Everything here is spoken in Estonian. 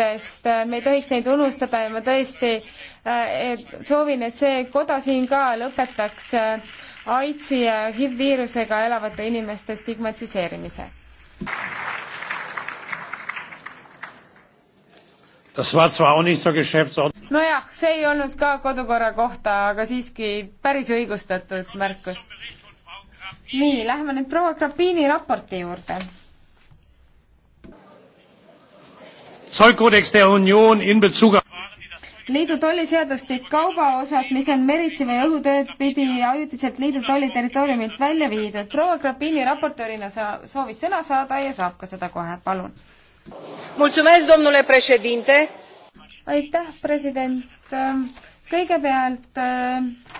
väärtustest, äh, me ei tohiks neid unustada ja ma tõesti äh, et soovin, et see koda siin ka lõpetaks äh, AIDSi ja HIV viirusega elavate inimeste stigmatiseerimise. nojah, see ei olnud ka kodukorra kohta, aga siiski päris õigustatud märkus. nii, lähme nüüd proua Grapini raporti juurde Zollkodex der Union in Bezug auf liidu tolliseadustik kauba osas, mis on meritseme ja õhutööd pidi ajutiselt liidu tolli territooriumilt välja viidud. proua Grapini raportöörina sa soovis sõna saada ja saab ka seda kohe, palun. aitäh, president. kõigepealt äh,